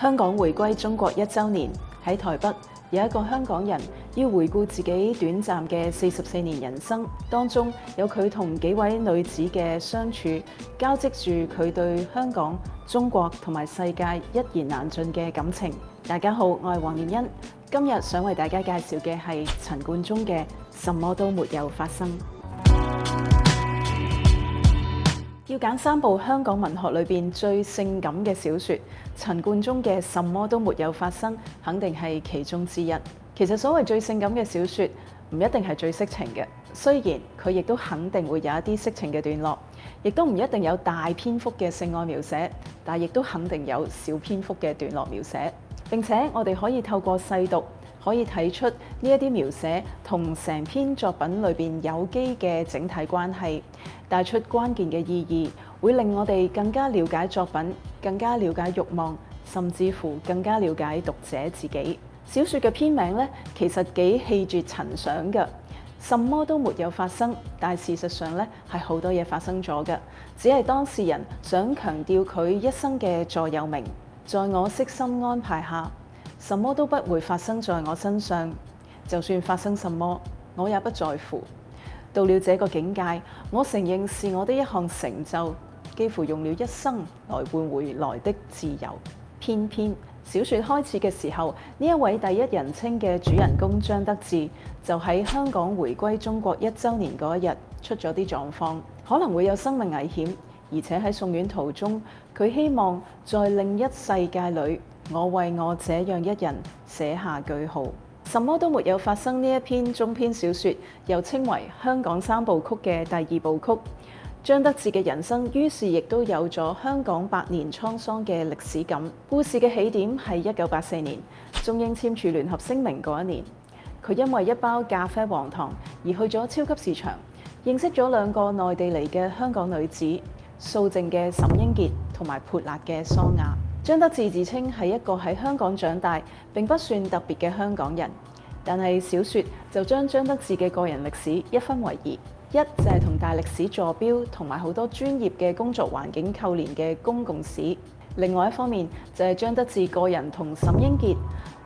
香港回歸中國一周年，喺台北有一個香港人要回顧自己短暫嘅四十四年人生，當中有佢同幾位女子嘅相處，交織住佢對香港、中國同埋世界一言難盡嘅感情。大家好，我係黃念欣，今日想為大家介紹嘅係陳冠中嘅《什麼都沒有發生》。要揀三部香港文學裏邊最性感嘅小說，陳冠中嘅《什麼都沒有發生》肯定係其中之一。其實所謂最性感嘅小說，唔一定係最色情嘅，雖然佢亦都肯定會有一啲色情嘅段落，亦都唔一定有大篇幅嘅性愛描寫，但係亦都肯定有小篇幅嘅段落描寫，並且我哋可以透過細讀。可以睇出呢一啲描寫同成篇作品裏邊有機嘅整體關係，帶出關鍵嘅意義，會令我哋更加了解作品，更加了解欲望，甚至乎更加了解讀者自己。小説嘅篇名呢，其實幾氣絕陳想嘅，什麼都沒有發生，但事實上呢，係好多嘢發生咗嘅，只係當事人想強調佢一生嘅座右銘，在我悉心安排下。什麼都不會發生在我身上，就算發生什麼，我也不在乎。到了這個境界，我承認是我的一項成就，幾乎用了一生來換回來的自由。偏偏小說開始嘅時候，呢一位第一人稱嘅主人公張德志，就喺香港回歸中國一周年嗰一日出咗啲狀況，可能會有生命危險，而且喺送院途中，佢希望在另一世界裏。我為我這樣一人寫下句號，什麼都沒有發生。呢一篇中篇小説，又稱為香港三部曲嘅第二部曲，張德志嘅人生於是亦都有咗香港百年滄桑嘅歷史感。故事嘅起點係一九八四年中英簽署聯合聲明嗰一年，佢因為一包咖啡黃糖而去咗超級市場，認識咗兩個內地嚟嘅香港女子，素靜嘅沈英傑同埋潑辣嘅桑雅。張德志自稱係一個喺香港長大，並不算特別嘅香港人，但係小說就將張德志嘅個人歷史一分為二：一就係同大歷史坐標同埋好多專業嘅工作環境扣連嘅公共史；另外一方面就係張德志個人同沈英傑、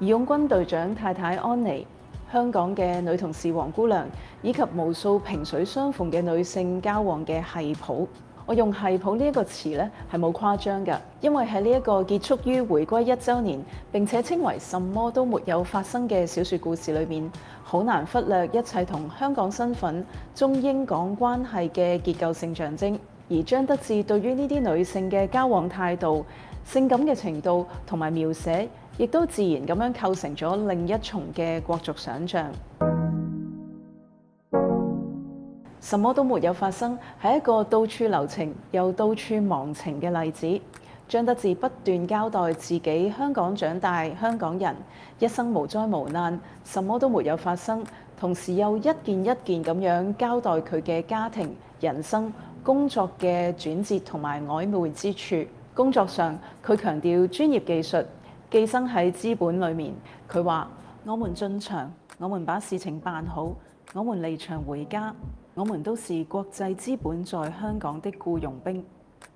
義勇軍隊長太太安妮、香港嘅女同事黃姑娘以及無數萍水相逢嘅女性交往嘅系譜。我用系譜呢一個詞呢，係冇誇張嘅，因為喺呢一個結束於回歸一週年並且稱為什麼都沒有發生嘅小説故事裏面，好難忽略一切同香港身份、中英港關係嘅結構性象徵。而張得志對於呢啲女性嘅交往態度、性感嘅程度同埋描寫，亦都自然咁樣構成咗另一重嘅國族想像。什麼都沒有發生，係一個到處留情又到處忘情嘅例子。張德志不斷交代自己香港長大、香港人，一生無災無難，什麼都沒有發生。同時又一件一件咁樣交代佢嘅家庭、人生、工作嘅轉折同埋曖昧之處。工作上，佢強調專業技術，寄生喺資本裏面。佢話：我們進場，我們把事情辦好，我們離場回家。我們都是國際資本在香港的僱傭兵，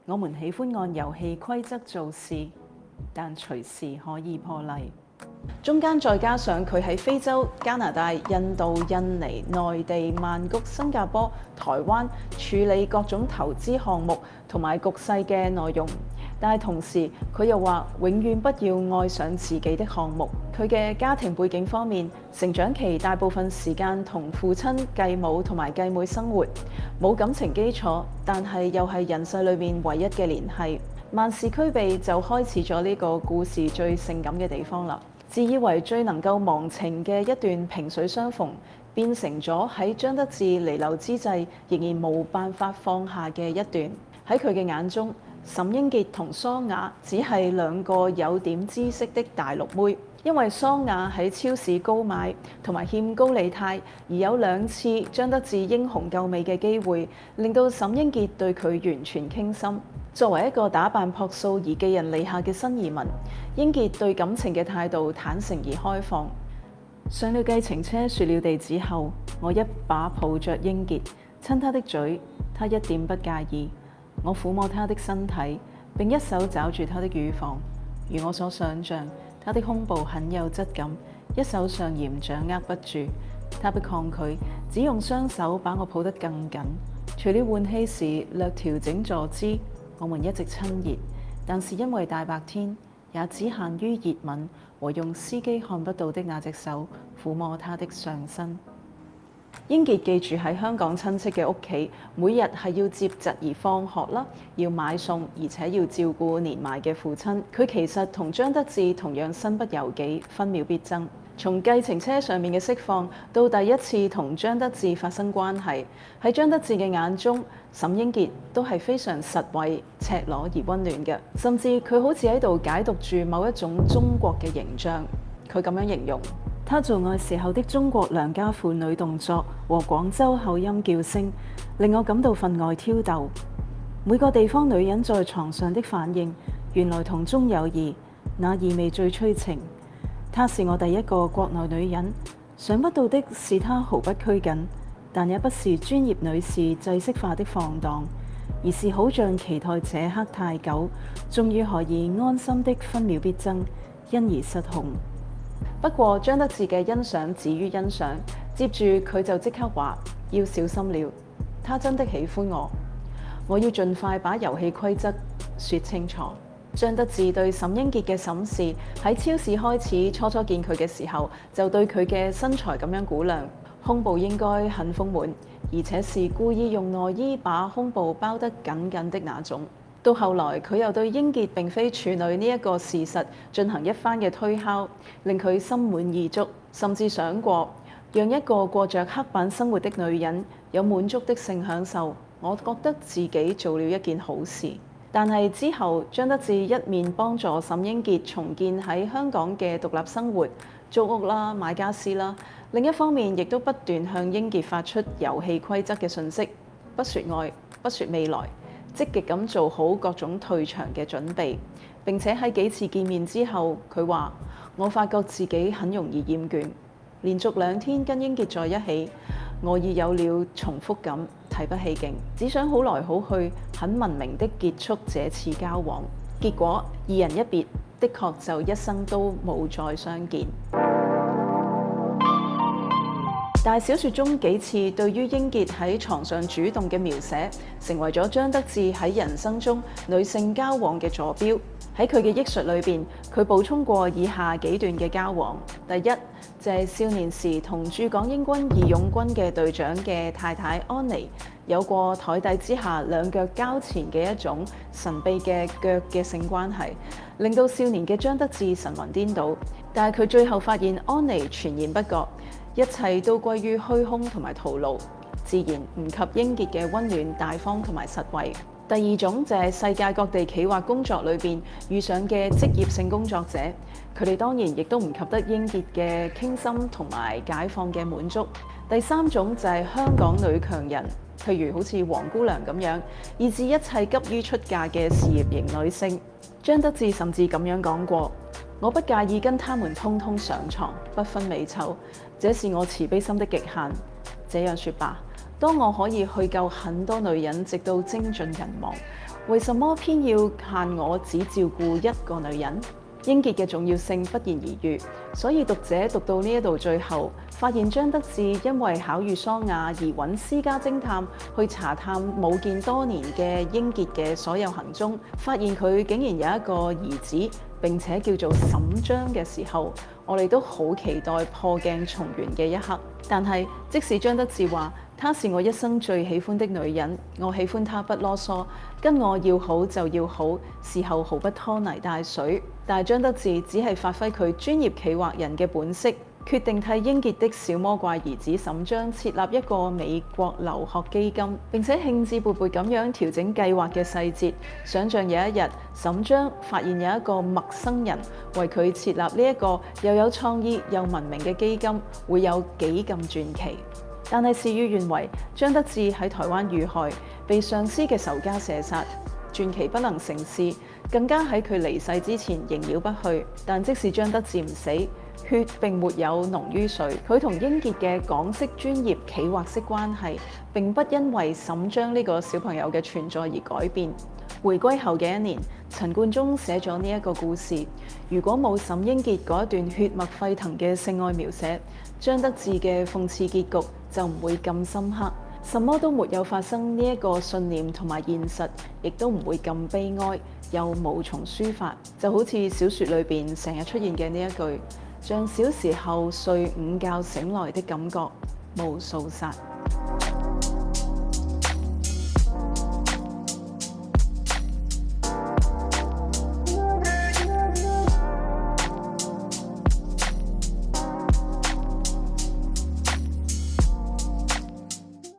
我們喜歡按遊戲規則做事，但隨時可以破例。中間再加上佢喺非洲、加拿大、印度、印尼、內地、曼谷、新加坡、台灣處理各種投資項目同埋局勢嘅內容。但係同時，佢又話永遠不要愛上自己的項目。佢嘅家庭背景方面，成長期大部分時間同父親繼母同埋繼妹生活，冇感情基礎，但係又係人世裏面唯一嘅聯繫。萬事俱備就開始咗呢個故事最性感嘅地方啦。自以為最能夠忘情嘅一段萍水相逢，變成咗喺張得志彌留之際仍然冇辦法放下嘅一段。喺佢嘅眼中。沈英杰同桑雅只係兩個有點知識的大陸妹，因為桑雅喺超市高買同埋欠高利貸，而有兩次張得志英雄救美嘅機會，令到沈英杰對佢完全傾心。作為一個打扮樸素而寄人籬下嘅新移民，英杰對感情嘅態度坦誠而開放。上了計程車説了地址後，我一把抱著英杰，親他的嘴，他一點不介意。我撫摸他的身體，並一手抓住他的乳房。如我所想象，他的胸部很有質感，一手上嚴掌握不住。他不抗拒，只用雙手把我抱得更緊。除了換氣時略調整坐姿，我們一直親熱。但是因為大白天，也只限於熱吻和用司機看不到的那隻手撫摸他的上身。英傑記住喺香港親戚嘅屋企，每日係要接侄兒放學啦，要買餸，而且要照顧年邁嘅父親。佢其實同張德志同樣身不由己，分秒必爭。從計程車上面嘅釋放到第一次同張德志發生關係，喺張德志嘅眼中，沈英傑都係非常實惠、赤裸而溫暖嘅。甚至佢好似喺度解讀住某一種中國嘅形象，佢咁樣形容。她做愛時候的中國良家婦女動作和廣州口音叫聲，令我感到分外挑逗。每個地方女人在床上的反應，原來同中有異，那意味最催情。她是我第一個國內女人，想不到的是她毫不拘謹，但也不是專業女士制式化的放蕩，而是好像期待這刻太久，終於可以安心的分秒必爭，因而失控。不過張德智嘅欣賞止於欣賞，接住佢就即刻話要小心了。他真的喜歡我，我要盡快把遊戲規則説清楚。張德智對沈英傑嘅審視喺超市開始，初初見佢嘅時候就對佢嘅身材咁樣估量，胸部應該很豐滿，而且是故意用內衣把胸部包得緊緊的那種。到後來，佢又對英傑並非處女呢一個事實進行一番嘅推敲，令佢心滿意足，甚至想過讓一個過着黑板生活的女人有滿足的性享受。我覺得自己做了一件好事。但係之後，張德志一面幫助沈英傑重建喺香港嘅獨立生活、租屋啦、買家私啦，另一方面亦都不斷向英傑發出遊戲規則嘅訊息，不說愛，不說未來。積極咁做好各種退場嘅準備，並且喺幾次見面之後，佢話：我發覺自己很容易厭倦，連續兩天跟英傑在一起，我已有了重複感，提不起勁，只想好來好去，很文明的結束這次交往。結果二人一別，的確就一生都冇再相見。但係小說中幾次對於英傑喺床上主動嘅描寫，成為咗張德志喺人生中女性交往嘅座標。喺佢嘅憶述裏邊，佢補充過以下幾段嘅交往：第一就係、是、少年時同駐港英軍義勇軍嘅隊長嘅太太安妮有過台底之下兩腳交纏嘅一種神秘嘅腳嘅性關係，令到少年嘅張德志神魂顛倒。但係佢最後發現安妮全然不覺。一切都歸於虛空同埋徒勞，自然唔及英傑嘅溫暖大方同埋實惠。第二種就係世界各地企劃工作裏邊遇上嘅職業性工作者，佢哋當然亦都唔及得英傑嘅傾心同埋解放嘅滿足。第三種就係香港女強人，譬如好似黃姑娘咁樣，以至一切急於出嫁嘅事業型女性。張德志甚至咁樣講過：「我不介意跟他們通通上床，不分美醜。」這是我慈悲心的極限。這樣說吧，當我可以去救很多女人，直到精盡人亡，為什麼偏要限我只照顧一個女人？英傑嘅重要性不言而喻，所以讀者讀到呢一度最後，發現張德志因為考慮桑雅而揾私家偵探去查探冇見多年嘅英傑嘅所有行蹤，發現佢竟然有一個兒子，並且叫做沈章嘅時候，我哋都好期待破鏡重圓嘅一刻。但係，即使張德志話：「她是我一生最喜歡的女人，我喜歡她不囉嗦，跟我要好就要好，事後毫不拖泥帶水。」但係張德志只係發揮佢專業企劃人嘅本色，決定替英傑的小魔怪兒子沈章設立一個美國留學基金，並且興致勃勃咁樣調整計劃嘅細節，想像有一日沈章發現有一個陌生人為佢設立呢一個又有創意又文明嘅基金，會有幾咁傳奇。但係事與願違，張德志喺台灣遇害，被上司嘅仇家射殺。傳奇不能成事，更加喺佢離世之前縈繞不去。但即使張德志唔死，血並沒有濃於水。佢同英傑嘅港式專業企劃式關係，並不因為沈張呢個小朋友嘅存在而改變。回歸後嘅一年，陳冠中寫咗呢一個故事。如果冇沈英傑嗰一段血脈沸騰嘅性愛描寫，張德志嘅諷刺結局就唔會咁深刻。什麼都沒有發生呢一個信念同埋現實，亦都唔會咁悲哀，又無從抒發，就好似小說裏邊成日出現嘅呢一句，像小時候睡午覺醒來的感覺，無數殺。